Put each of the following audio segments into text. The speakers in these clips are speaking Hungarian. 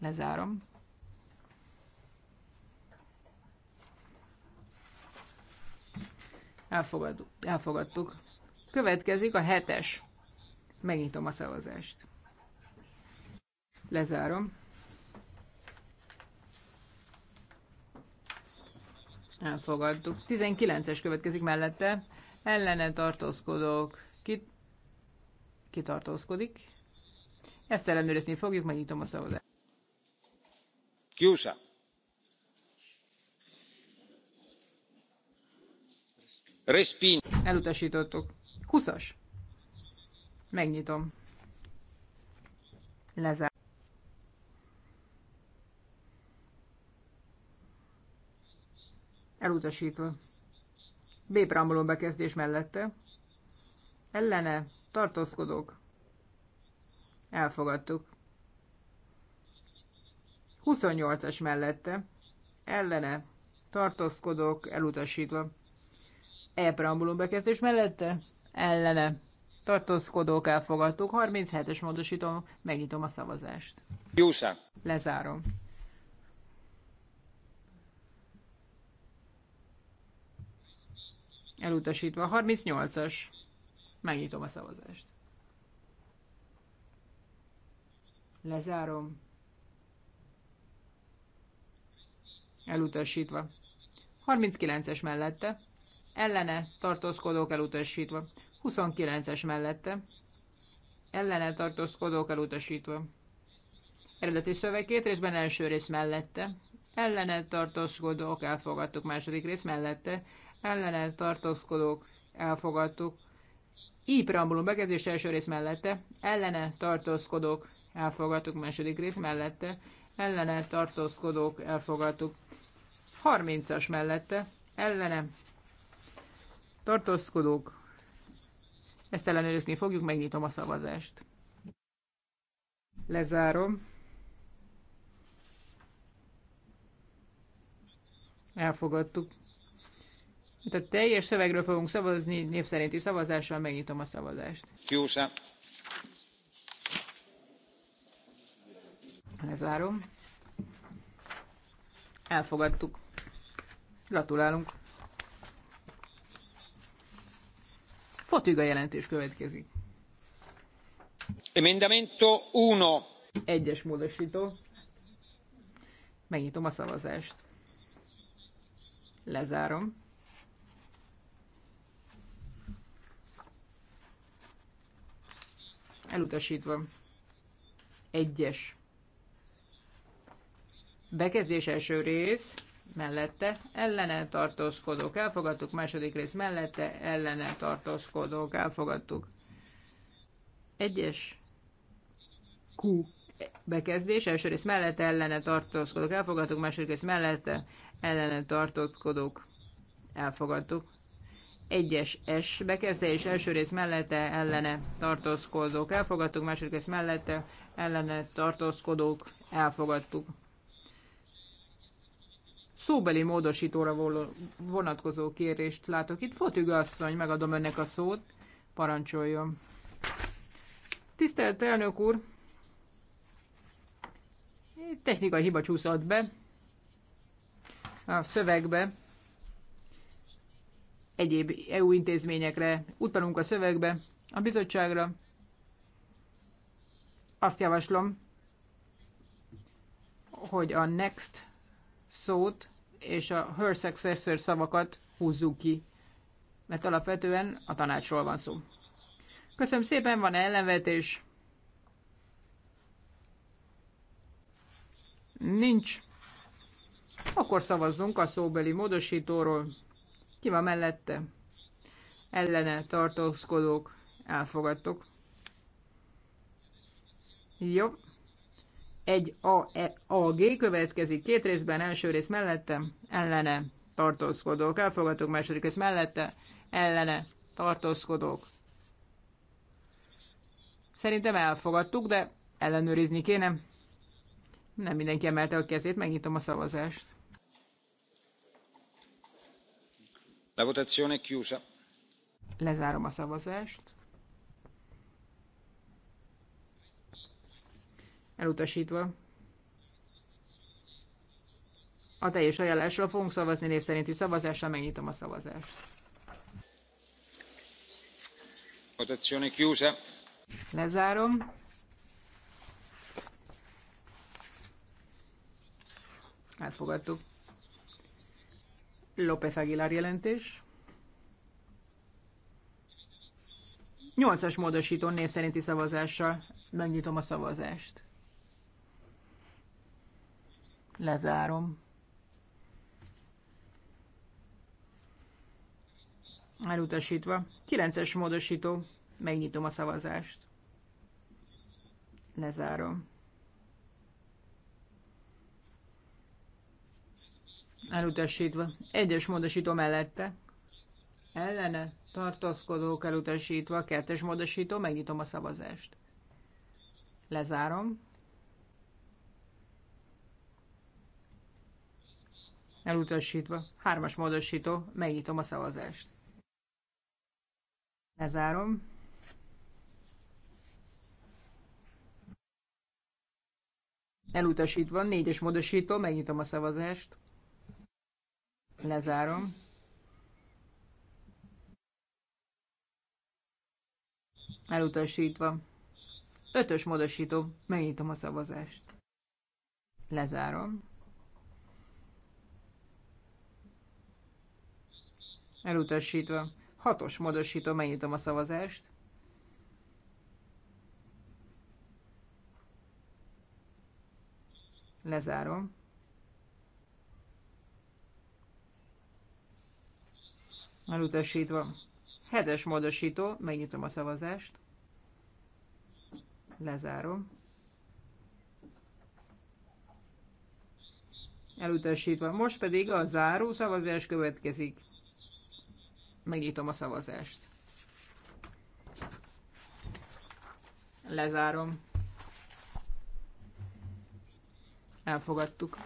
Lezárom. Elfogadtuk. Elfogadtuk. Következik a hetes. Megnyitom a szavazást. Lezárom. Elfogadtuk. 19-es következik mellette. Ellene tartózkodok. Ki, ki tartózkodik? Ezt ellenőrizni fogjuk, megnyitom a szavazást chiusa. elutasítottuk. 20-as. Megnyitom. Lezár. Elutasítva. B preambulum bekezdés mellette. Ellene tartózkodók. Elfogadtuk. 28-as mellette ellene Tartózkodok, elutasítva. E preambulum bekezdés mellette ellene tartózkodók elfogadtuk. 37-es módosítom, megnyitom a szavazást. Jósa. Lezárom. Elutasítva. 38-as. Megnyitom a szavazást. Lezárom. elutasítva. 39-es mellette, ellene tartózkodók elutasítva. 29-es mellette, ellene tartózkodók elutasítva. Eredeti szöveg két részben első rész mellette, ellene tartózkodók elfogadtuk második rész mellette, ellene tartózkodók elfogadtuk. Így preambulum bekezdés első rész mellette, ellene tartózkodók elfogadtuk második rész mellette, ellene tartózkodók elfogadtuk 30-as mellette ellenem. tartózkodók. Ezt ellenőrizni fogjuk, megnyitom a szavazást. Lezárom. Elfogadtuk. Itt a teljes szövegről fogunk szavazni, név szerinti szavazással megnyitom a szavazást. Kiúsa. Lezárom. Elfogadtuk. Gratulálunk! Fotiga jelentés következik. Emendamento 1. Egyes módosító. Megnyitom a szavazást. Lezárom. Elutasítva. Egyes. Bekezdés első rész mellette, ellene tartózkodók elfogadtuk, második rész mellette, ellene tartózkodók elfogadtuk. Egyes Q bekezdés, első rész mellette, ellene tartózkodók elfogadtuk, második rész mellette, ellene tartózkodók elfogadtuk. Egyes S bekezdés, első rész mellette, ellene tartózkodók elfogadtuk, második rész mellette, ellene tartózkodók elfogadtuk szóbeli módosítóra vonatkozó kérést látok itt. Fotig asszony, megadom önnek a szót, parancsoljon. Tisztelt elnök úr, technikai hiba csúszott be a szövegbe. Egyéb EU intézményekre utalunk a szövegbe, a bizottságra. Azt javaslom, hogy a next szót és a her successor szavakat húzzuk ki, mert alapvetően a tanácsról van szó. Köszönöm szépen, van -e ellenvetés? Nincs. Akkor szavazzunk a szóbeli módosítóról. Ki van mellette? Ellene tartózkodók. Elfogadtok. Jó egy e G következik két részben, első rész mellette, ellene tartózkodók, elfogadok második rész mellette, ellene tartózkodók. Szerintem elfogadtuk, de ellenőrizni kéne. Nem mindenki emelte a kezét, megnyitom a szavazást. La votazione è chiusa. Lezárom a szavazást. elutasítva. A teljes ajánlásról fogunk szavazni név szerinti szavazással, megnyitom a szavazást. Votazione chiusa. Lezárom. Elfogadtuk. López Aguilar jelentés. 8-as módosító név szerinti szavazással megnyitom a szavazást. Lezárom. Elutasítva. 9-es módosító. Megnyitom a szavazást. Lezárom. Elutasítva. Egyes módosító mellette. Ellene. Tartózkodók elutasítva. Kettes módosító. Megnyitom a szavazást. Lezárom. elutasítva. Hármas módosító, megnyitom a szavazást. Lezárom. Elutasítva, négyes módosító, megnyitom a szavazást. Lezárom. Elutasítva. Ötös módosító, megnyitom a szavazást. Lezárom. elutasítva. Hatos módosító, megnyitom a szavazást. Lezárom. Elutasítva. Hetes módosító, megnyitom a szavazást. Lezárom. Elutasítva. Most pedig a záró szavazás következik. Megnyitom a szavazást. Lezárom. Elfogadtuk.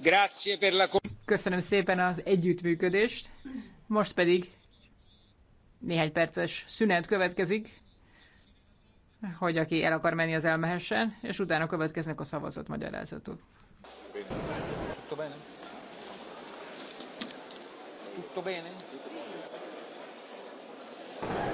Grazie per la... Köszönöm szépen az együttműködést. Most pedig néhány perces szünet következik, hogy aki el akar menni, az elmehessen, és utána következnek a szavazatmagyarázatok. magyarázatok. bene? Tutto bene?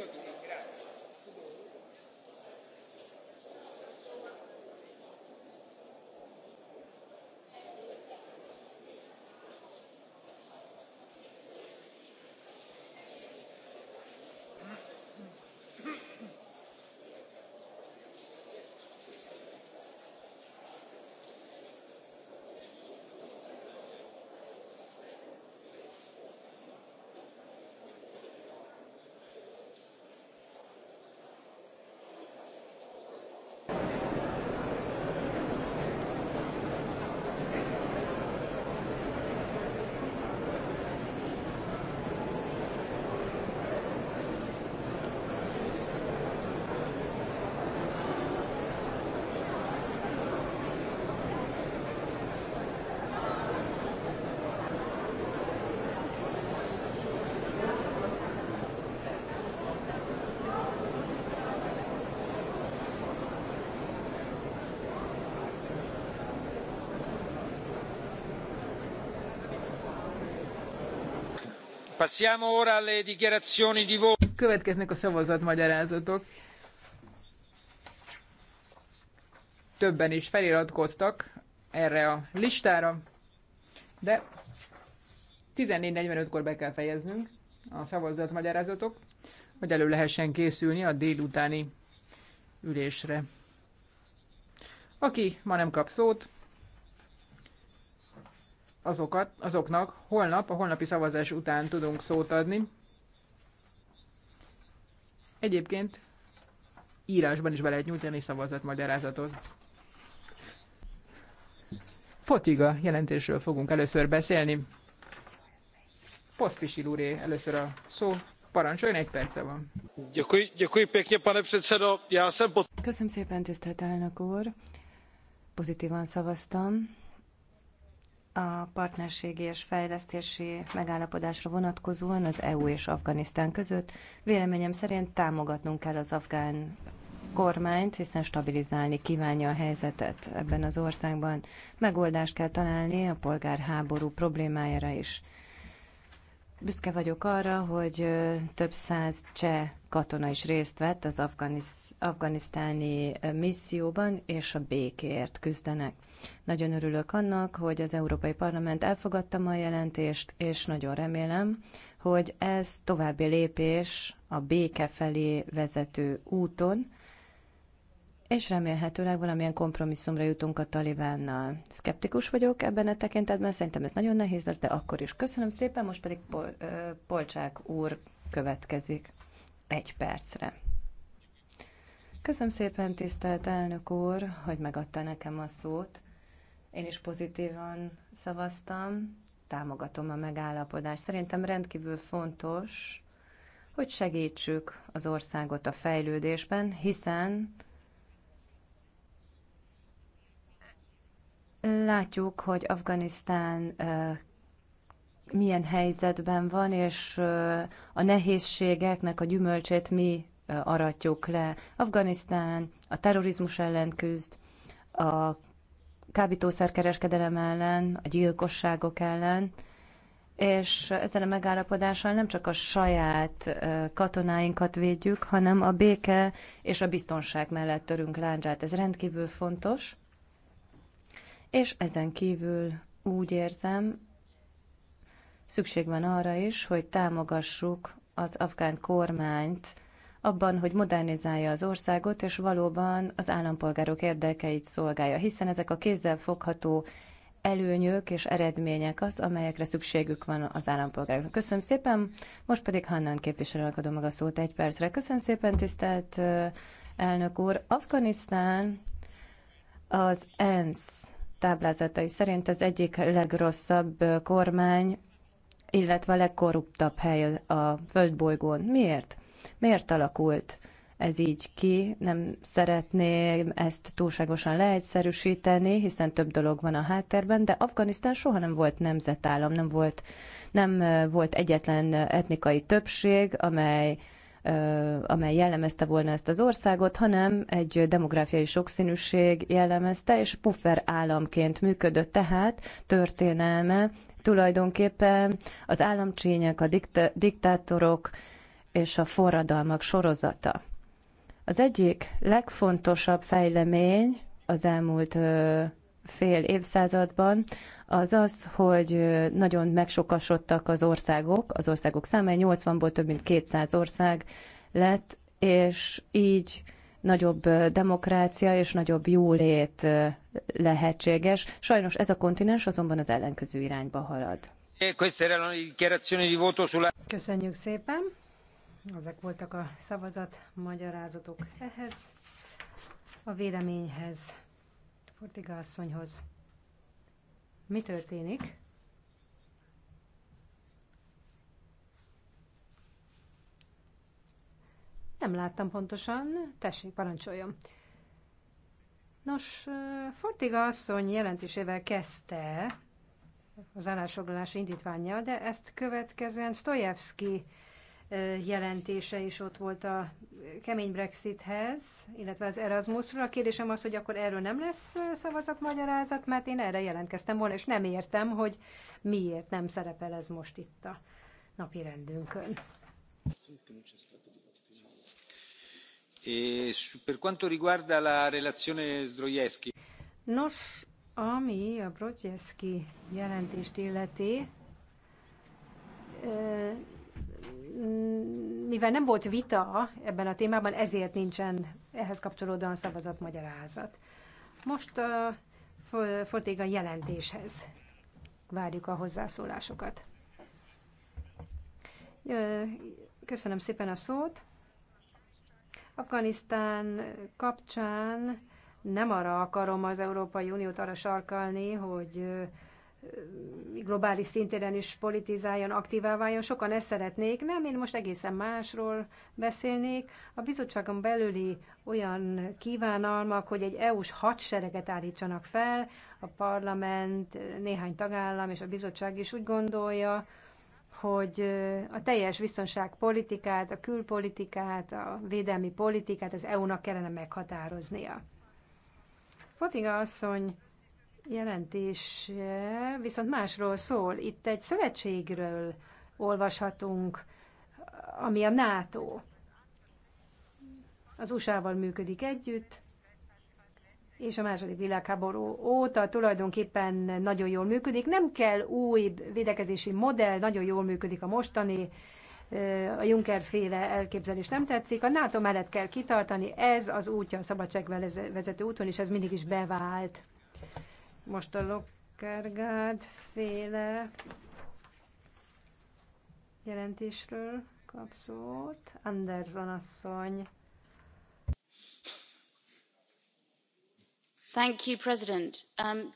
elnök úr! Következnek a szavazatmagyarázatok. Többen is feliratkoztak erre a listára, de 14.45-kor be kell fejeznünk a szavazatmagyarázatok, hogy elő lehessen készülni a délutáni ülésre. Aki ma nem kap szót, azokat, azoknak holnap, a holnapi szavazás után tudunk szót adni. Egyébként írásban is be lehet nyújtani szavazatmagyarázatot. Fotiga jelentésről fogunk először beszélni. Poszpisil úré először a szó. Parancsoljon, egy perce van. Köszönöm szépen, tisztelt elnök úr. Pozitívan szavaztam a partnerségi és fejlesztési megállapodásra vonatkozóan az EU és Afganisztán között. Véleményem szerint támogatnunk kell az afgán kormányt, hiszen stabilizálni kívánja a helyzetet ebben az országban. Megoldást kell találni a polgárháború problémájára is. Büszke vagyok arra, hogy több száz cseh katona is részt vett az afganisztáni eh, misszióban, és a békéért küzdenek. Nagyon örülök annak, hogy az Európai Parlament elfogadta ma a jelentést, és nagyon remélem, hogy ez további lépés a béke felé vezető úton, és remélhetőleg valamilyen kompromisszumra jutunk a talibánnal. Szkeptikus vagyok ebben a tekintetben, szerintem ez nagyon nehéz lesz, de akkor is köszönöm szépen, most pedig Pol- eh, Polcsák úr következik egy percre. Köszönöm szépen, tisztelt elnök úr, hogy megadta nekem a szót. Én is pozitívan szavaztam, támogatom a megállapodást. Szerintem rendkívül fontos, hogy segítsük az országot a fejlődésben, hiszen látjuk, hogy Afganisztán milyen helyzetben van, és a nehézségeknek a gyümölcsét mi aratjuk le. Afganisztán a terrorizmus ellen küzd, a kábítószerkereskedelem ellen, a gyilkosságok ellen, és ezzel a megállapodással nem csak a saját katonáinkat védjük, hanem a béke és a biztonság mellett törünk láncsát. Ez rendkívül fontos, és ezen kívül úgy érzem, Szükség van arra is, hogy támogassuk az afgán kormányt abban, hogy modernizálja az országot, és valóban az állampolgárok érdekeit szolgálja, hiszen ezek a kézzel fogható előnyök és eredmények az, amelyekre szükségük van az állampolgároknak. Köszönöm szépen, most pedig Hannan képviselőnek adom meg a szót egy percre. Köszönöm szépen, tisztelt eh, elnök úr. Afganisztán az ENSZ táblázatai szerint az egyik legrosszabb eh, kormány illetve a legkorruptabb hely a földbolygón. Miért? Miért alakult ez így ki? Nem szeretném ezt túlságosan leegyszerűsíteni, hiszen több dolog van a háttérben, de Afganisztán soha nem volt nemzetállam, nem volt, nem volt egyetlen etnikai többség, amely amely jellemezte volna ezt az országot, hanem egy demográfiai sokszínűség jellemezte, és puffer államként működött, tehát történelme Tulajdonképpen az államcsények, a dikt- diktátorok és a forradalmak sorozata. Az egyik legfontosabb fejlemény az elmúlt fél évszázadban az az, hogy nagyon megsokasodtak az országok, az országok száma 80-ból több mint 200 ország lett, és így nagyobb demokrácia és nagyobb jólét lehetséges. Sajnos ez a kontinens azonban az ellenkező irányba halad. Köszönjük szépen! Ezek voltak a szavazat magyarázatok ehhez, a véleményhez, Fortiga asszonyhoz. Mi történik? Nem láttam pontosan. Tessék, parancsoljon. Nos, Fortiga asszony jelentésével kezdte az állásfoglalás indítványa, de ezt következően Stojevski jelentése is ott volt a kemény Brexithez, illetve az Erasmusról. A kérdésem az, hogy akkor erről nem lesz magyarázat, mert én erre jelentkeztem volna, és nem értem, hogy miért nem szerepel ez most itt a napi rendünkön. E Nos, ami a Brodzseszki jelentést illeti, mivel nem volt vita ebben a témában, ezért nincsen ehhez kapcsolódóan szavazatmagyarázat. Most a Fortéga jelentéshez várjuk a hozzászólásokat. Köszönöm szépen a szót. Afganisztán kapcsán nem arra akarom az Európai Uniót arra sarkalni, hogy globális szintéren is politizáljon, aktívá váljon. Sokan ezt szeretnék, nem, én most egészen másról beszélnék. A bizottságon belüli olyan kívánalmak, hogy egy EU-s hadsereget állítsanak fel, a parlament, néhány tagállam és a bizottság is úgy gondolja, hogy a teljes biztonságpolitikát, a külpolitikát, a védelmi politikát az EU-nak kellene meghatároznia. Fotiga asszony jelentés viszont másról szól. Itt egy szövetségről olvashatunk, ami a NATO. Az USA-val működik együtt, és a második világháború óta tulajdonképpen nagyon jól működik. Nem kell új védekezési modell, nagyon jól működik a mostani, a Juncker féle elképzelés nem tetszik. A NATO mellett kell kitartani, ez az útja a szabadságvezető úton, és ez mindig is bevált. Most a Lokkergárd féle jelentésről kapszót. Anderson asszony. Um,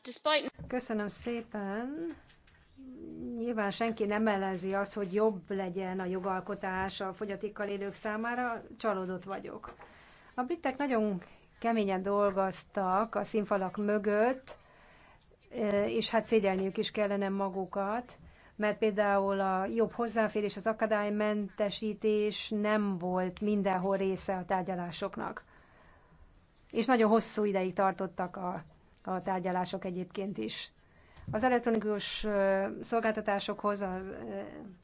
Köszönöm szépen. Nyilván senki nem ellenzi azt, hogy jobb legyen a jogalkotás a fogyatékkal élők számára, csalódott vagyok. A britek nagyon keményen dolgoztak a színfalak mögött, eh, és hát szégyelniük is kellene magukat, mert például a jobb hozzáférés, az akadálymentesítés nem volt mindenhol része a tárgyalásoknak és nagyon hosszú ideig tartottak a, a tárgyalások egyébként is. Az elektronikus szolgáltatásokhoz, az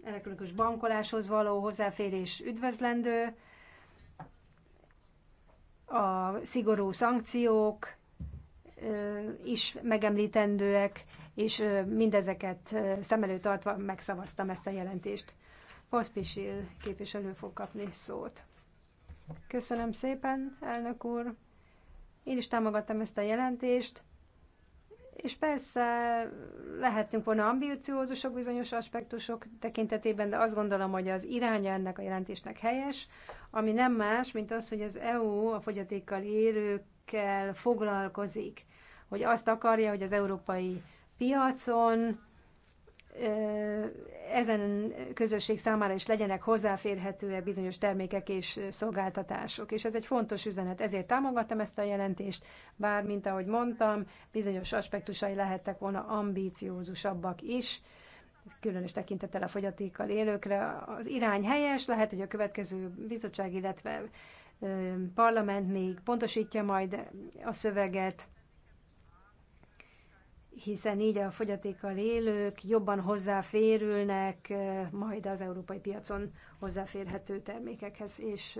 elektronikus bankoláshoz való hozzáférés üdvözlendő, a szigorú szankciók is megemlítendőek, és mindezeket szem előtt tartva megszavaztam ezt a jelentést. Poszpisil képviselő fog kapni szót. Köszönöm szépen, elnök úr! Én is támogattam ezt a jelentést, és persze lehetünk volna ambiciózusok bizonyos aspektusok tekintetében, de azt gondolom, hogy az iránya ennek a jelentésnek helyes, ami nem más, mint az, hogy az EU a fogyatékkal élőkkel foglalkozik, hogy azt akarja, hogy az európai piacon ezen közösség számára is legyenek hozzáférhetőek bizonyos termékek és szolgáltatások. És ez egy fontos üzenet, ezért támogattam ezt a jelentést, bár, mint ahogy mondtam, bizonyos aspektusai lehettek volna ambíciózusabbak is, különös tekintettel a fogyatékkal élőkre. Az irány helyes, lehet, hogy a következő bizottság, illetve parlament még pontosítja majd a szöveget, hiszen így a fogyatékkal élők jobban hozzáférülnek majd az európai piacon hozzáférhető termékekhez és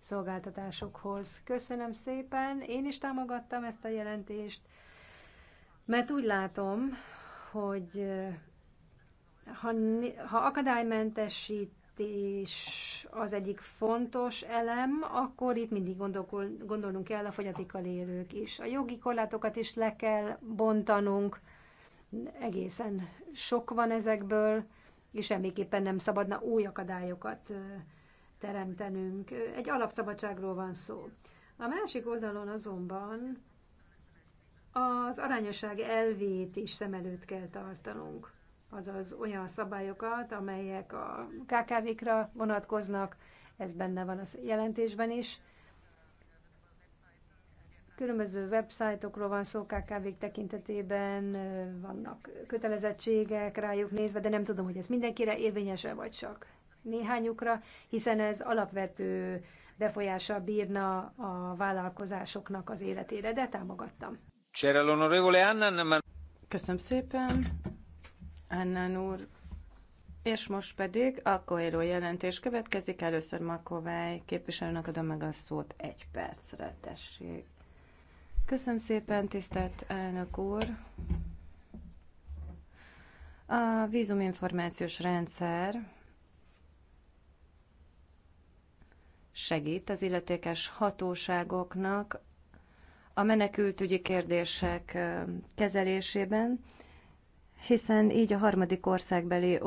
szolgáltatásokhoz. Köszönöm szépen, én is támogattam ezt a jelentést, mert úgy látom, hogy ha, ha akadálymentesít és az egyik fontos elem, akkor itt mindig gondolnunk kell a fogyatékkal élők is. A jogi korlátokat is le kell bontanunk, egészen sok van ezekből, és semmiképpen nem szabadna új akadályokat teremtenünk. Egy alapszabadságról van szó. A másik oldalon azonban az arányosság elvét is szem előtt kell tartanunk azaz olyan szabályokat, amelyek a KKV-kra vonatkoznak, ez benne van a jelentésben is. Különböző websájtokról van szó kkv tekintetében, vannak kötelezettségek rájuk nézve, de nem tudom, hogy ez mindenkire érvényese vagy csak néhányukra, hiszen ez alapvető befolyással bírna a vállalkozásoknak az életére, de támogattam. Köszönöm szépen. Annan úr. És most pedig a Coelho jelentés következik. Először Makovály képviselőnek adom meg a szót egy percre, tessék. Köszönöm szépen, tisztelt elnök úr. A vízuminformációs rendszer segít az illetékes hatóságoknak a menekültügyi kérdések kezelésében, hiszen így a harmadik országbeli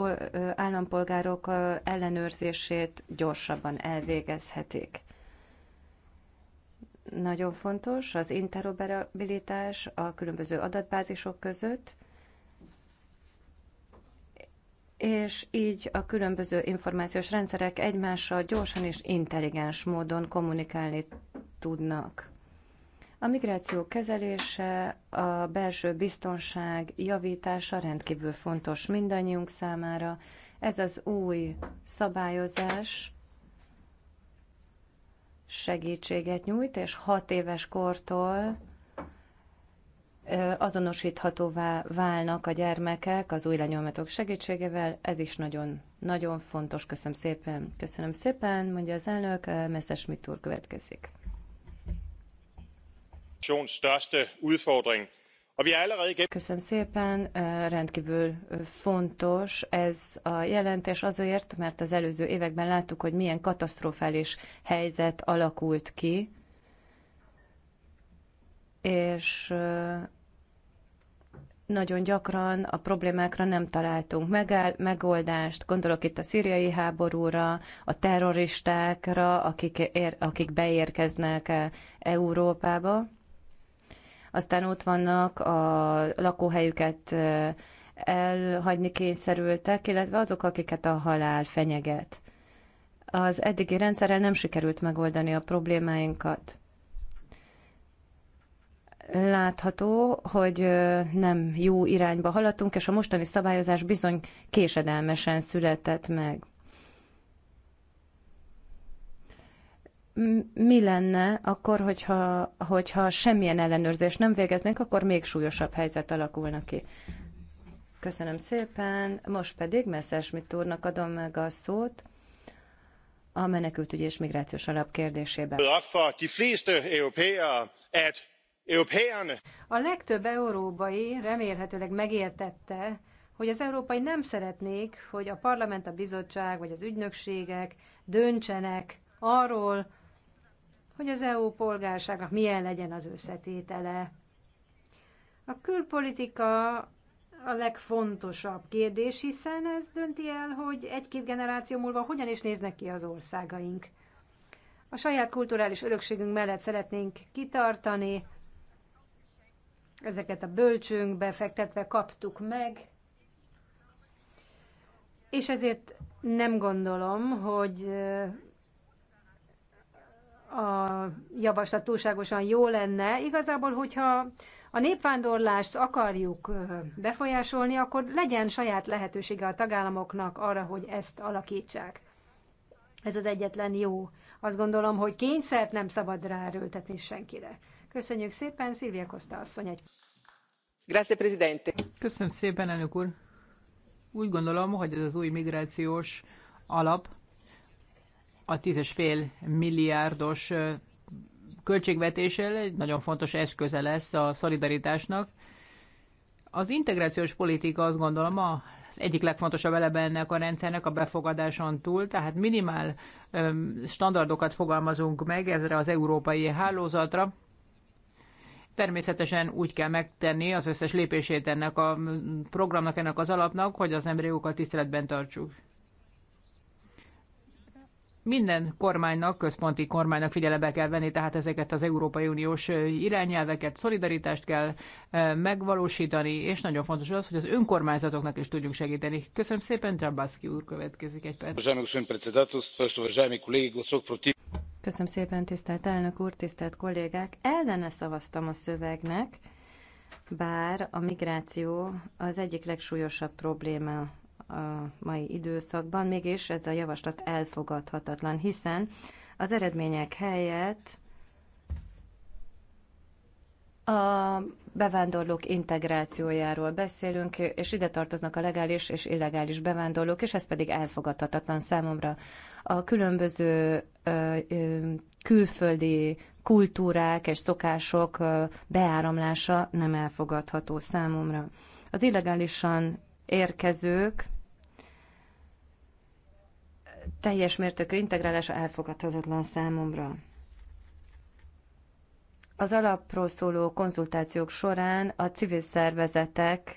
állampolgárok ellenőrzését gyorsabban elvégezhetik. Nagyon fontos az interoperabilitás a különböző adatbázisok között, és így a különböző információs rendszerek egymással gyorsan és intelligens módon kommunikálni tudnak. A migráció kezelése, a belső biztonság javítása rendkívül fontos mindannyiunk számára. Ez az új szabályozás segítséget nyújt, és hat éves kortól azonosíthatóvá válnak a gyermekek az új lenyomatok segítségével. Ez is nagyon, nagyon fontos. Köszönöm szépen. Köszönöm szépen, mondja az elnök. Messzes mitúr következik. Er Köszönöm szépen, rendkívül fontos ez a jelentés azért, mert az előző években láttuk, hogy milyen katasztrofális helyzet alakult ki, és nagyon gyakran a problémákra nem találtunk megáll, megoldást. Gondolok itt a szíriai háborúra, a terroristákra, akik, ér, akik beérkeznek Európába. Aztán ott vannak a lakóhelyüket elhagyni kényszerültek, illetve azok, akiket a halál fenyeget. Az eddigi rendszerrel nem sikerült megoldani a problémáinkat. Látható, hogy nem jó irányba haladtunk, és a mostani szabályozás bizony késedelmesen született meg. mi lenne akkor, hogyha, hogyha semmilyen ellenőrzést nem végeznénk, akkor még súlyosabb helyzet alakulna ki. Köszönöm szépen. Most pedig Messerschmitt úrnak adom meg a szót a menekültügyi és migrációs alap kérdésében. A legtöbb európai remélhetőleg megértette, hogy az európai nem szeretnék, hogy a parlament, a bizottság vagy az ügynökségek döntsenek arról, hogy az EU polgárságnak milyen legyen az összetétele. A külpolitika a legfontosabb kérdés, hiszen ez dönti el, hogy egy-két generáció múlva hogyan is néznek ki az országaink. A saját kulturális örökségünk mellett szeretnénk kitartani, ezeket a bölcsőnkbe fektetve kaptuk meg, és ezért nem gondolom, hogy a javaslat túlságosan jó lenne. Igazából, hogyha a népvándorlást akarjuk befolyásolni, akkor legyen saját lehetősége a tagállamoknak arra, hogy ezt alakítsák. Ez az egyetlen jó. Azt gondolom, hogy kényszert nem szabad ráerőltetni senkire. Köszönjük szépen, Szilvia Koszta asszony. Egy... Grazie, Presidente. Köszönöm szépen, elnök úr. Úgy gondolom, hogy ez az új migrációs alap a 10,5 milliárdos költségvetéssel egy nagyon fontos eszköze lesz a szolidaritásnak. Az integrációs politika azt gondolom a egyik legfontosabb eleme ennek a rendszernek a befogadáson túl, tehát minimál öm, standardokat fogalmazunk meg ezre az európai hálózatra. Természetesen úgy kell megtenni az összes lépését ennek a programnak, ennek az alapnak, hogy az emberi jogokat tiszteletben tartsuk. Minden kormánynak, központi kormánynak figyelembe kell venni, tehát ezeket az Európai Uniós irányelveket, szolidaritást kell megvalósítani, és nagyon fontos az, hogy az önkormányzatoknak is tudjunk segíteni. Köszönöm szépen, Trabaszki úr következik egy percet. Köszönöm szépen, tisztelt elnök úr, tisztelt kollégák! Ellene szavaztam a szövegnek, bár a migráció az egyik legsúlyosabb probléma a mai időszakban, mégis ez a javaslat elfogadhatatlan, hiszen az eredmények helyett a bevándorlók integrációjáról beszélünk, és ide tartoznak a legális és illegális bevándorlók, és ez pedig elfogadhatatlan számomra. A különböző ö, ö, külföldi kultúrák és szokások ö, beáramlása nem elfogadható számomra. Az illegálisan érkezők teljes mértékű integrálása elfogadhatatlan számomra. Az alapról szóló konzultációk során a civil szervezetek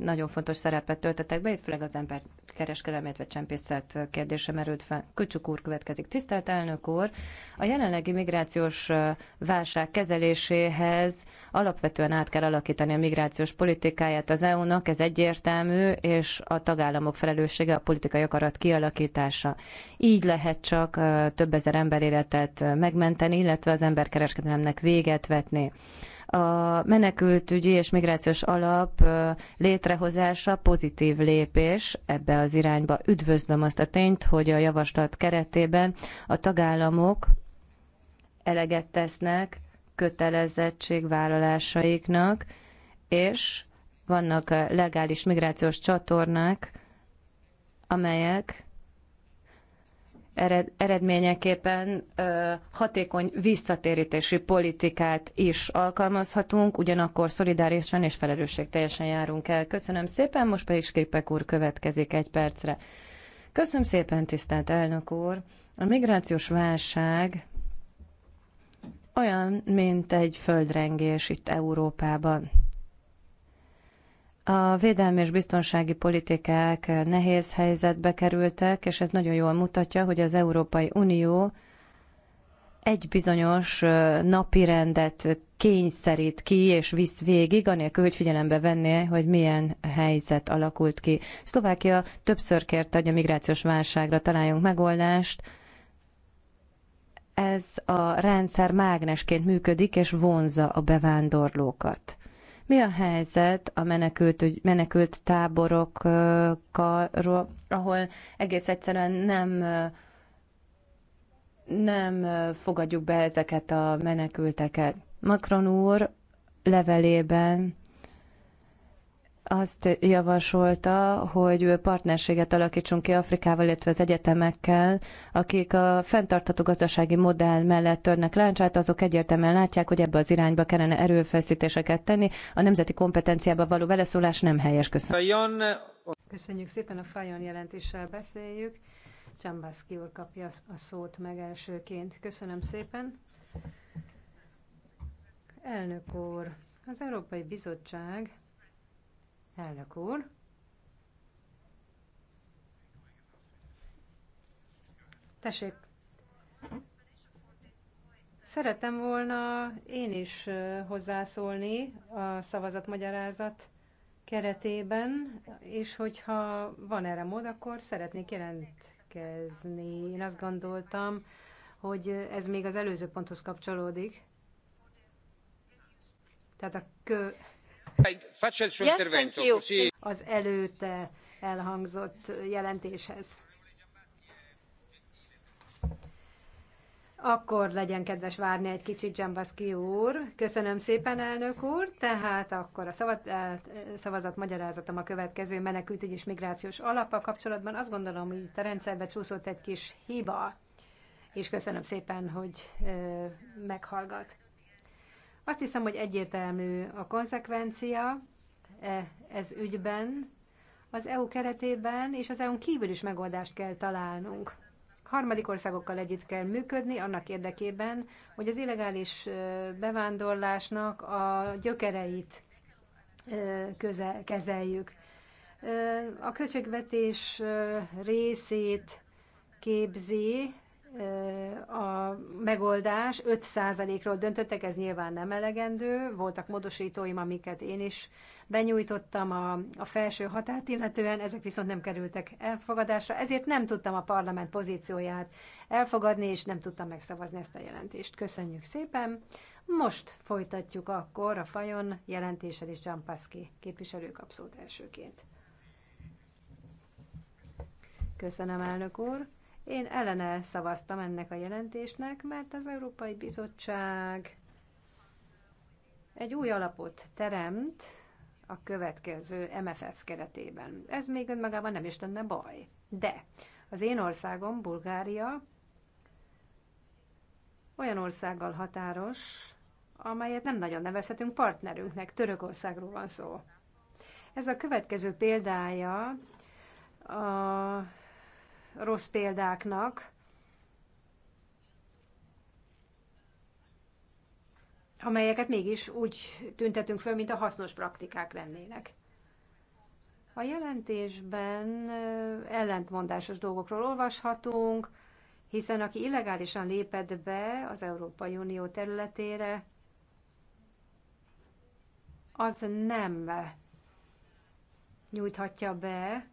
nagyon fontos szerepet töltöttek be, itt főleg az ember kereskedelmi, illetve csempészet kérdése merült fel. Köcsük úr következik. Tisztelt elnök úr, a jelenlegi migrációs válság kezeléséhez alapvetően át kell alakítani a migrációs politikáját az EU-nak, ez egyértelmű, és a tagállamok felelőssége a politikai akarat kialakítása. Így lehet csak több ezer ember életet megmenteni, illetve az emberkereskedelemnek véget vetni. A menekültügyi és migrációs alap létrehozása pozitív lépés ebbe az irányba. Üdvözlöm azt a tényt, hogy a javaslat keretében a tagállamok eleget tesznek kötelezettségvállalásaiknak, és vannak legális migrációs csatornák, amelyek eredményeképpen hatékony visszatérítési politikát is alkalmazhatunk, ugyanakkor szolidárisan és teljesen járunk el. Köszönöm szépen, most pedig Skripek úr következik egy percre. Köszönöm szépen, tisztelt elnök úr! A migrációs válság olyan, mint egy földrengés itt Európában. A védelmi és biztonsági politikák nehéz helyzetbe kerültek, és ez nagyon jól mutatja, hogy az Európai Unió egy bizonyos napi rendet kényszerít ki és visz végig, anélkül, hogy figyelembe venné, hogy milyen helyzet alakult ki. Szlovákia többször kérte, hogy a migrációs válságra találjunk megoldást. Ez a rendszer mágnesként működik és vonza a bevándorlókat. Mi a helyzet a menekült, menekült táborokkal, ahol egész egyszerűen nem nem fogadjuk be ezeket a menekülteket. Macron úr levelében azt javasolta, hogy partnerséget alakítsunk ki Afrikával, illetve az egyetemekkel, akik a fenntartható gazdasági modell mellett törnek láncsát, azok egyértelműen látják, hogy ebbe az irányba kellene erőfeszítéseket tenni. A nemzeti kompetenciába való beleszólás nem helyes. Köszönöm. Köszönjük szépen, a Fajon jelentéssel beszéljük. Csambászki úr kapja a szót meg elsőként. Köszönöm szépen. Elnök úr, az Európai Bizottság Elnök úr! Tessék! Szeretem volna én is hozzászólni a szavazatmagyarázat keretében, és hogyha van erre mód, akkor szeretnék jelentkezni. Én azt gondoltam, hogy ez még az előző ponthoz kapcsolódik. Tehát a kö az előtte elhangzott jelentéshez. Akkor legyen kedves várni egy kicsit, Dzsambaszki úr. Köszönöm szépen, elnök úr. Tehát akkor a szavaz, eh, szavazat magyarázatom a következő menekültügy és migrációs alappal kapcsolatban. Azt gondolom, hogy itt a rendszerbe csúszott egy kis hiba, és köszönöm szépen, hogy eh, meghallgat. Azt hiszem, hogy egyértelmű a konzekvencia e, ez ügyben. Az EU keretében és az EU-n kívül is megoldást kell találnunk. Harmadik országokkal együtt kell működni annak érdekében, hogy az illegális e, bevándorlásnak a gyökereit e, közel, kezeljük. A költségvetés részét képzi a megoldás 5%-ról döntöttek, ez nyilván nem elegendő. Voltak módosítóim, amiket én is benyújtottam a, a felső határt illetően, ezek viszont nem kerültek elfogadásra, ezért nem tudtam a parlament pozícióját elfogadni, és nem tudtam megszavazni ezt a jelentést. Köszönjük szépen! Most folytatjuk akkor a Fajon jelentéssel és Jampaszki képviselő kapszót elsőként. Köszönöm, elnök úr! Én ellene szavaztam ennek a jelentésnek, mert az Európai Bizottság egy új alapot teremt a következő MFF keretében. Ez még önmagában nem is lenne baj. De az én országom, Bulgária, olyan országgal határos, amelyet nem nagyon nevezhetünk partnerünknek, Törökországról van szó. Ez a következő példája a rossz példáknak, amelyeket mégis úgy tüntetünk föl, mint a hasznos praktikák lennének. A jelentésben ellentmondásos dolgokról olvashatunk, hiszen aki illegálisan lépett be az Európai Unió területére, az nem nyújthatja be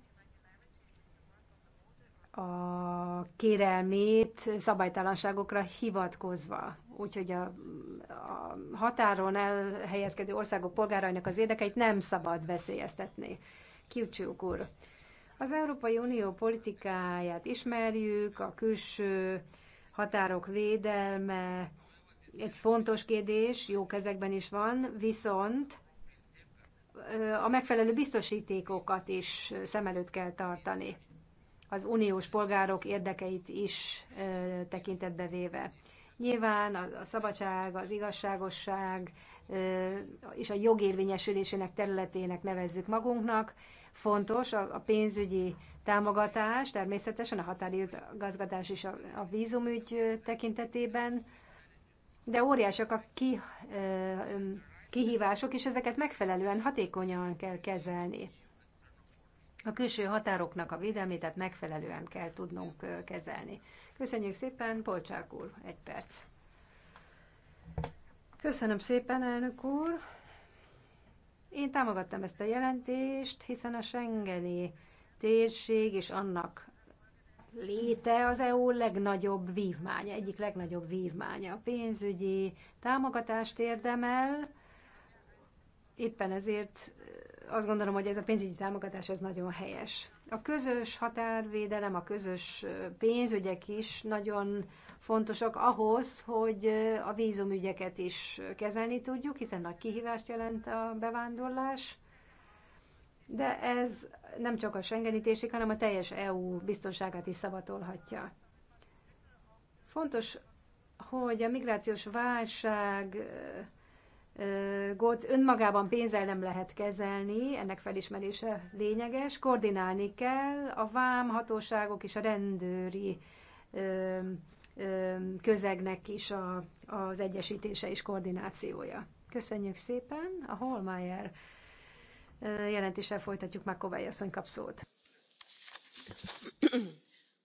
a kérelmét szabálytalanságokra hivatkozva. Úgyhogy a, a határon elhelyezkedő országok polgárainak az érdekeit nem szabad veszélyeztetni. Kiucsúk úr, az Európai Unió politikáját ismerjük, a külső határok védelme egy fontos kérdés, jó kezekben is van, viszont a megfelelő biztosítékokat is szem előtt kell tartani az uniós polgárok érdekeit is tekintetbe véve. Nyilván a szabadság, az igazságosság és a jogérvényesülésének területének nevezzük magunknak. Fontos a pénzügyi támogatás, természetesen a határigazgatás és a vízumügy tekintetében, de óriásak a ki, kihívások, és ezeket megfelelően hatékonyan kell kezelni a külső határoknak a védelmét, tehát megfelelően kell tudnunk kezelni. Köszönjük szépen, Polcsák úr, egy perc. Köszönöm szépen, elnök úr. Én támogattam ezt a jelentést, hiszen a Schengeni térség és annak léte az EU legnagyobb vívmánya, egyik legnagyobb vívmánya. A pénzügyi támogatást érdemel, éppen ezért azt gondolom, hogy ez a pénzügyi támogatás az nagyon helyes. A közös határvédelem, a közös pénzügyek is nagyon fontosak ahhoz, hogy a vízumügyeket is kezelni tudjuk, hiszen nagy kihívást jelent a bevándorlás. De ez nem csak a sengenítésig, hanem a teljes EU biztonságát is szavatolhatja. Fontos, hogy a migrációs válság gót önmagában pénzzel nem lehet kezelni, ennek felismerése lényeges, koordinálni kell a vámhatóságok és a rendőri ö, ö, közegnek is a, az egyesítése és koordinációja. Köszönjük szépen. A Holmeier jelentéssel folytatjuk meg Kovály asszony kapszót.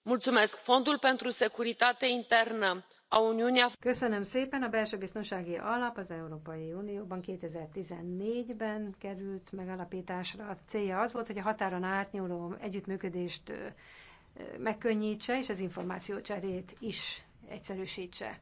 Mulțumesc. Fondul pentru securitate internă a Köszönöm szépen, a belső biztonsági alap az Európai Unióban 2014-ben került megalapításra. A célja az volt, hogy a határon átnyúló együttműködést megkönnyítse, és az információcserét is egyszerűsítse.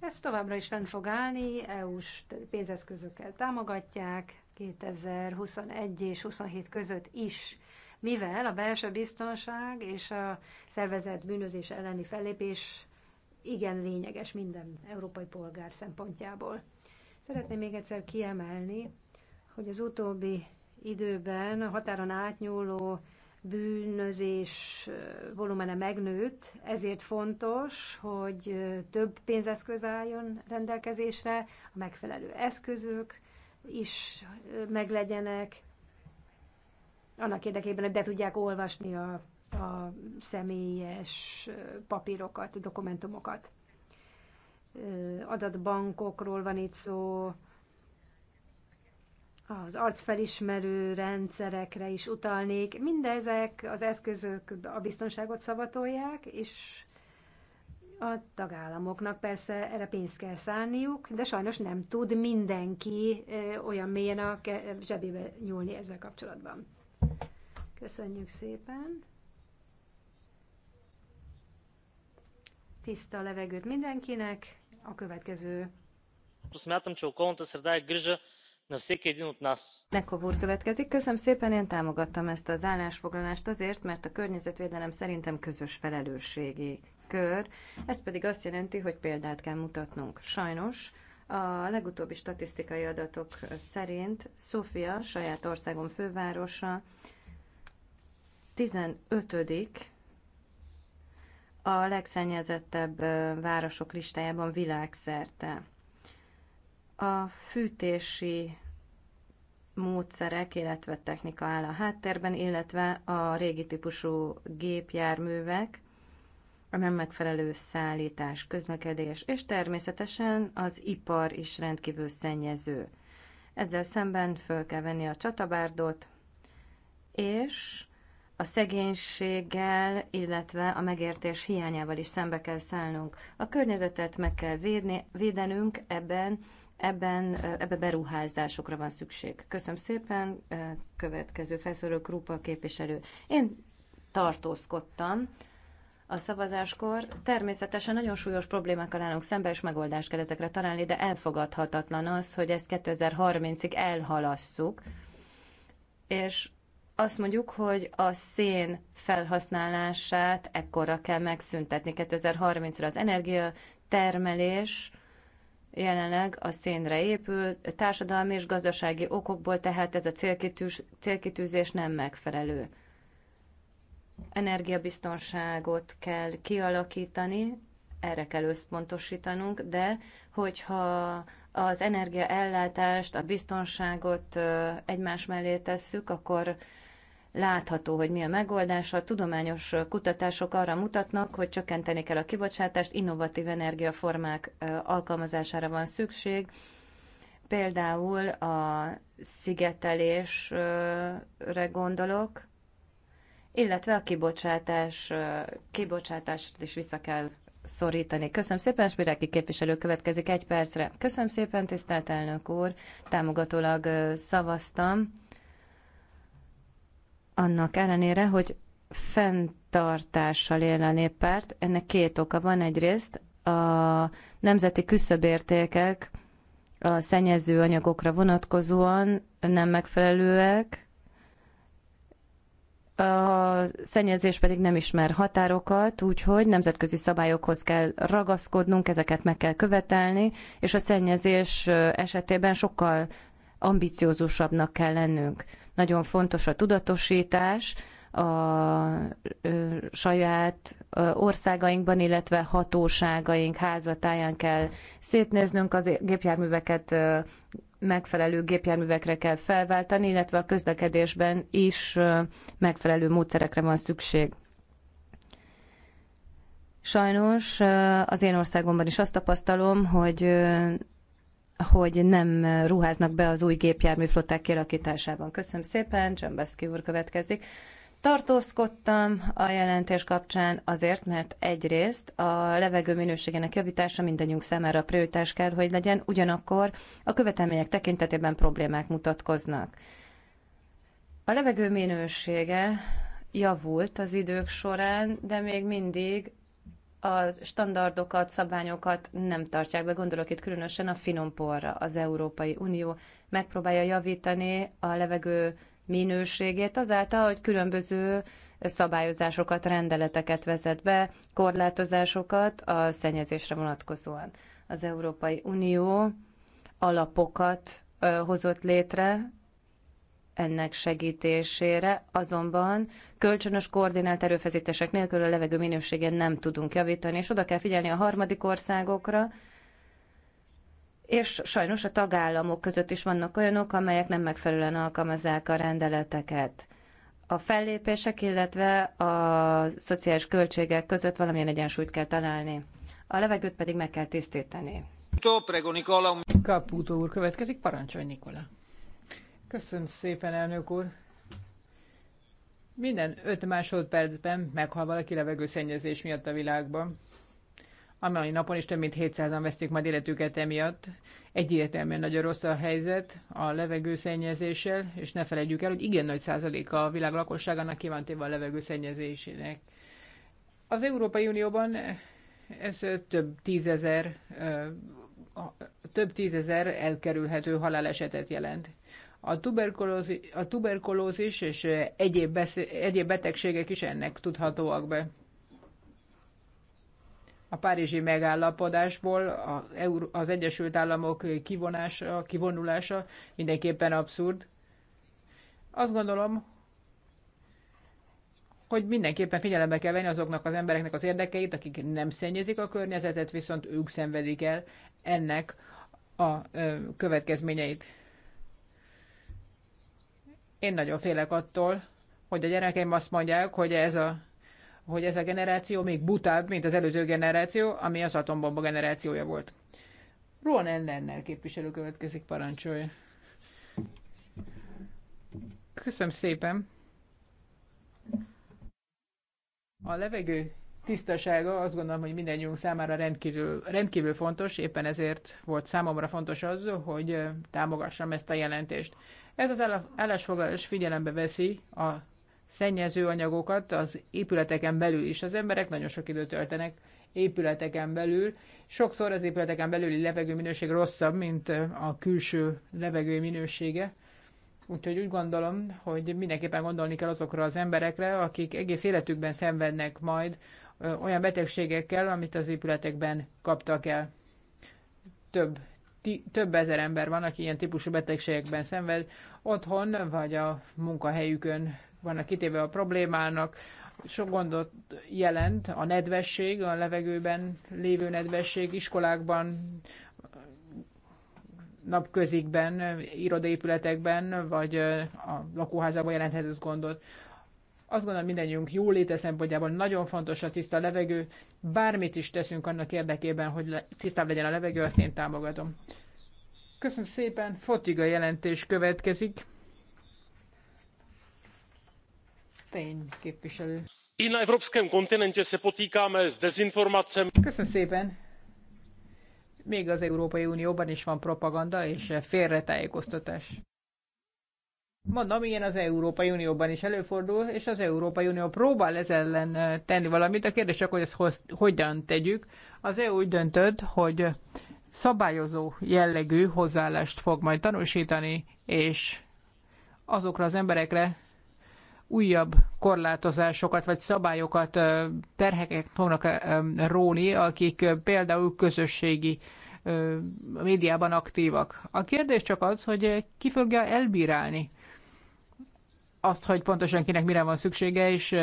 Ez továbbra is fenn fog állni, EU-s pénzeszközökkel támogatják, 2021 és 27 között is mivel a belső biztonság és a szervezett bűnözés elleni fellépés igen lényeges minden európai polgár szempontjából. Szeretném még egyszer kiemelni, hogy az utóbbi időben a határon átnyúló bűnözés volumene megnőtt, ezért fontos, hogy több pénzeszköz álljon rendelkezésre, a megfelelő eszközök is meglegyenek, annak érdekében, hogy be tudják olvasni a, a személyes papírokat, dokumentumokat. Adatbankokról van itt szó, az arcfelismerő rendszerekre is utalnék. Mindezek az eszközök a biztonságot szavatolják, és a tagállamoknak persze erre pénzt kell szállniuk, de sajnos nem tud mindenki olyan mélyen a zsebébe nyúlni ezzel kapcsolatban. Köszönjük szépen. Tiszta levegőt mindenkinek. A következő. Смятам, че околната среда е grizsa, na széke egy от нас. Nekov úr következik. Köszönöm szépen, én támogattam ezt az állásfoglalást azért, mert a környezetvédelem szerintem közös felelősségi kör. Ez pedig azt jelenti, hogy példát kell mutatnunk. Sajnos a legutóbbi statisztikai adatok szerint Szofia, saját országom fővárosa, 15 a legszennyezettebb városok listájában világszerte. A fűtési módszerek, illetve technika áll a háttérben, illetve a régi típusú gépjárművek, a nem megfelelő szállítás, közlekedés, és természetesen az ipar is rendkívül szennyező. Ezzel szemben föl kell venni a csatabárdot, és a szegénységgel, illetve a megértés hiányával is szembe kell szállnunk. A környezetet meg kell védni, védenünk, ebben, ebben, ebbe beruházásokra van szükség. Köszönöm szépen, következő felszóló Krupa képviselő. Én tartózkodtam a szavazáskor. Természetesen nagyon súlyos problémákkal állunk szembe, és megoldást kell ezekre találni, de elfogadhatatlan az, hogy ezt 2030-ig elhalasszuk, és azt mondjuk, hogy a szén felhasználását ekkorra kell megszüntetni. 2030-ra az energiatermelés jelenleg a szénre épül, társadalmi és gazdasági okokból, tehát ez a célkitűz, célkitűzés nem megfelelő. Energiabiztonságot kell kialakítani, erre kell összpontosítanunk, de hogyha az energiaellátást, a biztonságot egymás mellé tesszük, akkor látható, hogy mi a megoldás. A tudományos kutatások arra mutatnak, hogy csökkenteni kell a kibocsátást, innovatív energiaformák alkalmazására van szükség, például a szigetelésre gondolok, illetve a kibocsátás, kibocsátást is vissza kell szorítani. Köszönöm szépen, Spiráki képviselő következik egy percre. Köszönöm szépen, tisztelt elnök úr, támogatólag szavaztam annak ellenére, hogy fenntartással él a néppárt. Ennek két oka van. Egyrészt a nemzeti küszöbértékek a szennyező anyagokra vonatkozóan nem megfelelőek, a szennyezés pedig nem ismer határokat, úgyhogy nemzetközi szabályokhoz kell ragaszkodnunk, ezeket meg kell követelni, és a szennyezés esetében sokkal ambiciózusabbnak kell lennünk. Nagyon fontos a tudatosítás, a saját országainkban, illetve hatóságaink házatáján kell szétnéznünk, az gépjárműveket megfelelő gépjárművekre kell felváltani, illetve a közlekedésben is megfelelő módszerekre van szükség. Sajnos az én országomban is azt tapasztalom, hogy hogy nem ruháznak be az új gépjárműflották kialakításában. Köszönöm szépen, Csömbeszki úr következik. Tartózkodtam a jelentés kapcsán azért, mert egyrészt a levegő minőségének javítása mindannyiunk számára prioritás kell, hogy legyen, ugyanakkor a követelmények tekintetében problémák mutatkoznak. A levegő minősége javult az idők során, de még mindig a standardokat, szabványokat nem tartják be. Gondolok itt különösen a finom porra. Az Európai Unió megpróbálja javítani a levegő minőségét azáltal, hogy különböző szabályozásokat, rendeleteket vezet be, korlátozásokat a szennyezésre vonatkozóan. Az Európai Unió alapokat hozott létre ennek segítésére, azonban kölcsönös koordinált erőfeszítések nélkül a levegő minőségén nem tudunk javítani, és oda kell figyelni a harmadik országokra, és sajnos a tagállamok között is vannak olyanok, amelyek nem megfelelően alkalmazzák a rendeleteket. A fellépések, illetve a szociális költségek között valamilyen egyensúlyt kell találni. A levegőt pedig meg kell tisztítani. Kaputó úr következik, parancsolj Nikola. Köszönöm szépen, elnök úr. Minden 5 másodpercben meghal valaki levegőszennyezés miatt a világban. amely napon is több mint 700-an vesztik majd életüket emiatt. Egyértelműen nagyon rossz a helyzet a levegőszennyezéssel, és ne felejtjük el, hogy igen nagy százaléka a világ lakosságának kívántéva a levegőszennyezésének. Az Európai Unióban ez több tízezer, több tízezer elkerülhető halálesetet jelent. A, tuberkulózi, a tuberkulózis és egyéb, beszél, egyéb betegségek is ennek tudhatóak be. A párizsi megállapodásból az Egyesült Államok kivonása, kivonulása mindenképpen abszurd. Azt gondolom, hogy mindenképpen figyelembe kell venni azoknak az embereknek az érdekeit, akik nem szennyezik a környezetet, viszont ők szenvedik el ennek a következményeit. Én nagyon félek attól, hogy a gyerekeim azt mondják, hogy ez a hogy ez a generáció még butább, mint az előző generáció, ami az atombomba generációja volt. Ron Ellennel képviselő következik, parancsolja. Köszönöm szépen. A levegő tisztasága azt gondolom, hogy mindannyiunk számára rendkívül, rendkívül fontos, éppen ezért volt számomra fontos az, hogy eh, támogassam ezt a jelentést. Ez az állásfoglalás figyelembe veszi a szennyező anyagokat az épületeken belül is. Az emberek nagyon sok időt töltenek épületeken belül. Sokszor az épületeken belüli levegő minőség rosszabb, mint a külső levegő minősége. Úgyhogy úgy gondolom, hogy mindenképpen gondolni kell azokra az emberekre, akik egész életükben szenvednek majd olyan betegségekkel, amit az épületekben kaptak el. Több több ezer ember van, aki ilyen típusú betegségekben szenved, otthon vagy a munkahelyükön vannak kitéve a problémának, sok gondot jelent a nedvesség, a levegőben lévő nedvesség, iskolákban, napközikben, irodépületekben, vagy a lakóházakban jelenthet ez gondot. Azt gondolom, mindannyiunk léte szempontjából nagyon fontos a tiszta levegő. Bármit is teszünk annak érdekében, hogy tisztább legyen a levegő, azt én támogatom. Köszönöm szépen, Fotiga jelentés következik. Tény képviselő. I na evropském kontinentě se potýkáme s dezinformacemi. Köszönöm szépen. Még az Európai Unióban is van propaganda és félretájékoztatás. Mondom, ilyen az Európai Unióban is előfordul, és az Európai Unió próbál ez ellen tenni valamit. A kérdés csak, hogy ezt hoz, hogyan tegyük. Az EU úgy döntött, hogy szabályozó jellegű hozzáállást fog majd tanúsítani, és azokra az emberekre újabb korlátozásokat vagy szabályokat, terheket fognak róni, akik például közösségi médiában aktívak. A kérdés csak az, hogy ki fogja elbírálni azt, hogy pontosan kinek mire van szüksége, és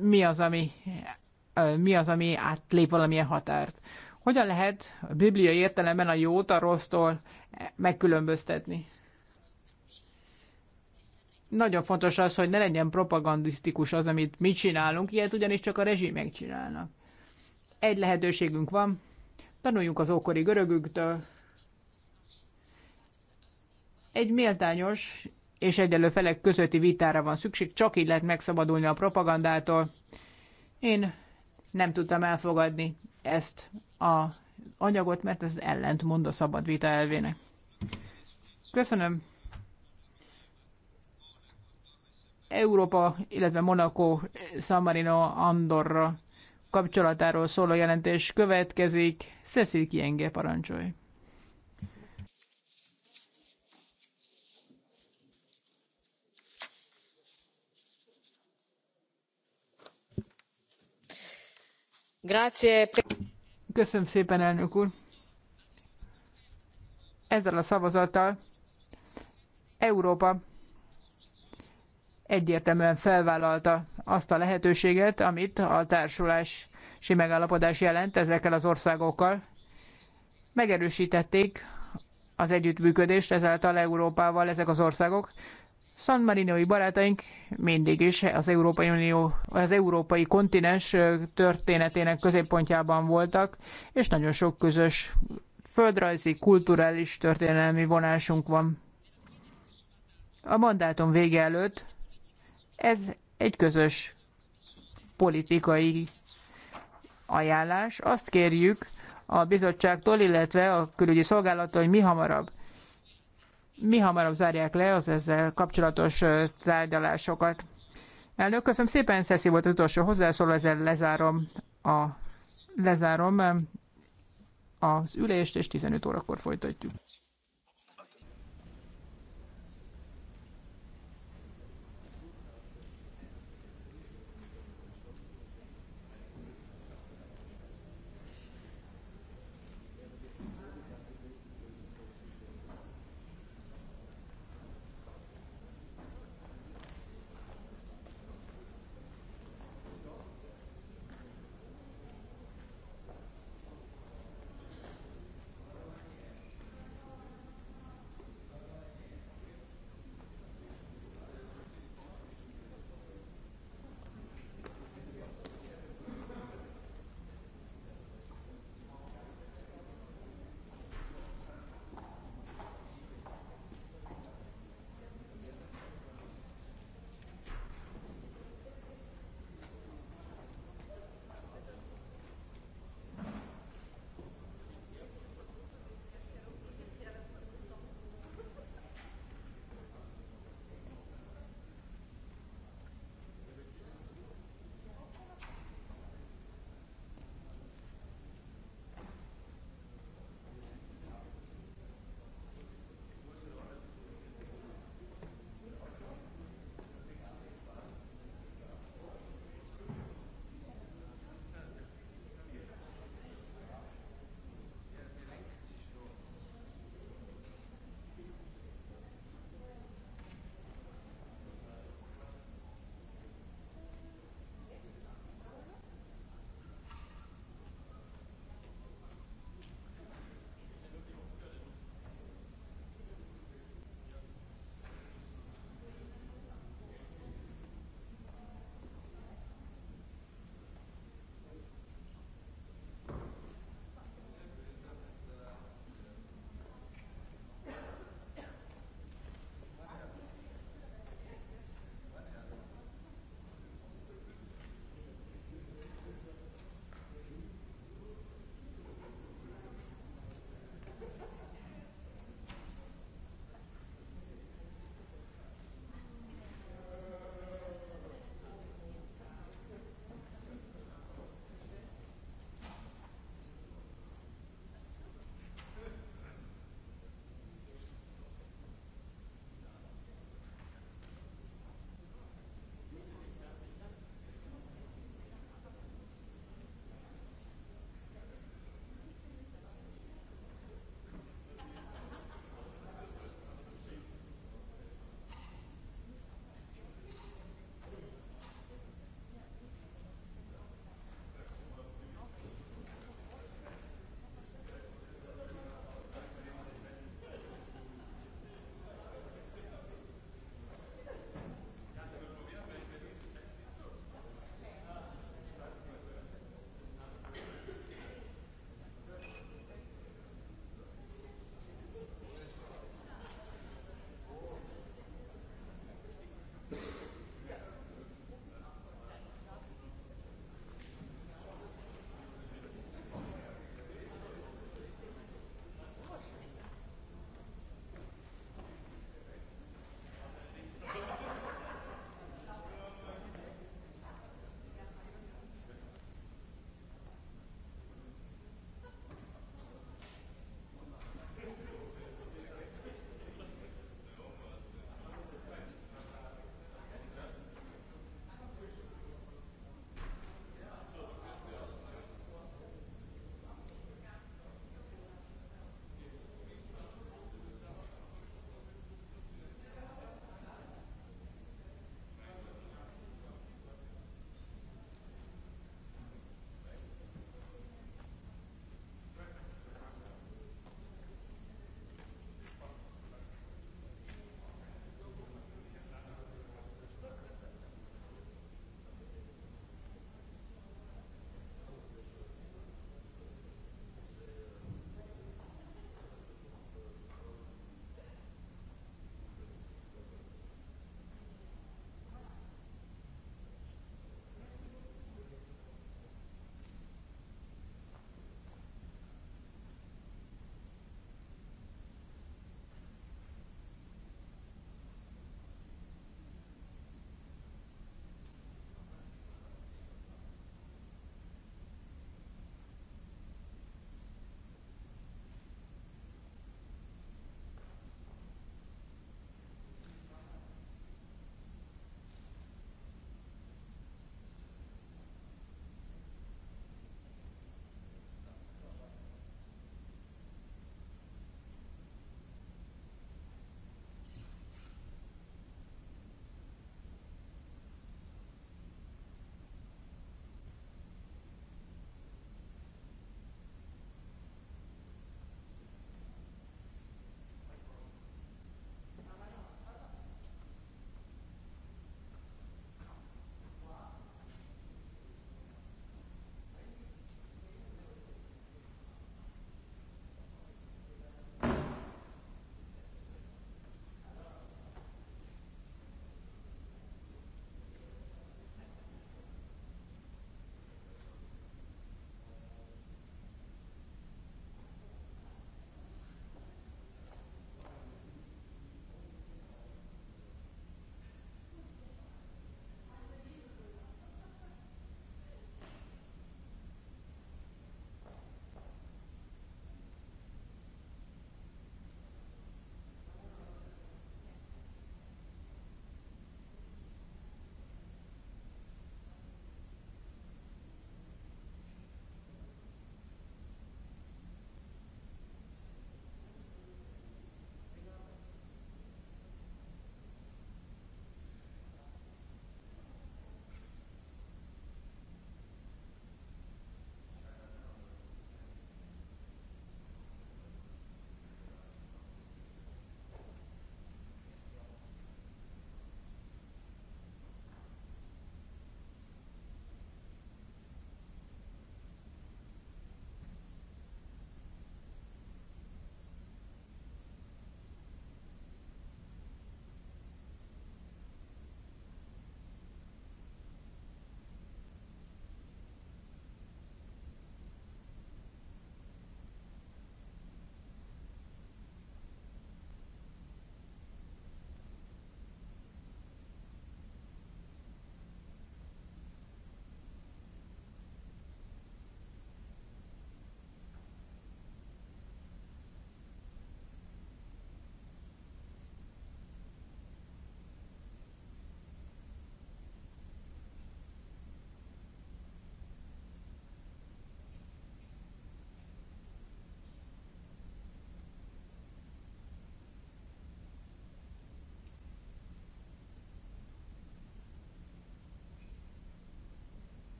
mi az, ami, mi az, ami átlép valamilyen határt. Hogyan lehet a bibliai értelemben a jót a rossztól megkülönböztetni? Nagyon fontos az, hogy ne legyen propagandisztikus az, amit mi csinálunk, ilyet ugyanis csak a rezsimek csinálnak. Egy lehetőségünk van, tanuljunk az ókori görögüktől, egy méltányos és egyenlő felek közötti vitára van szükség, csak így lehet megszabadulni a propagandától. Én nem tudtam elfogadni ezt a anyagot, mert ez ellent mond a szabad vita elvének. Köszönöm. Európa, illetve Monaco, San Marino, Andorra kapcsolatáról szóló jelentés következik. Cecil Kienge parancsolj. Köszönöm szépen, Ezzel a szavazattal Európa egyértelműen felvállalta azt a lehetőséget, amit a társulási megállapodás jelent ezekkel az országokkal. Megerősítették az együttműködést ezáltal Európával ezek az országok. San Marinoi barátaink mindig is az Európai Unió, az európai kontinens történetének középpontjában voltak, és nagyon sok közös földrajzi, kulturális, történelmi vonásunk van. A mandátum vége előtt ez egy közös politikai ajánlás. Azt kérjük a bizottságtól, illetve a külügyi szolgálattól, hogy mi hamarabb mi hamarabb zárják le az ezzel kapcsolatos tárgyalásokat. Elnök, köszönöm szépen, Szeszi volt az utolsó hozzászóló, ezzel lezárom, a, lezárom az ülést, és 15 órakor folytatjuk.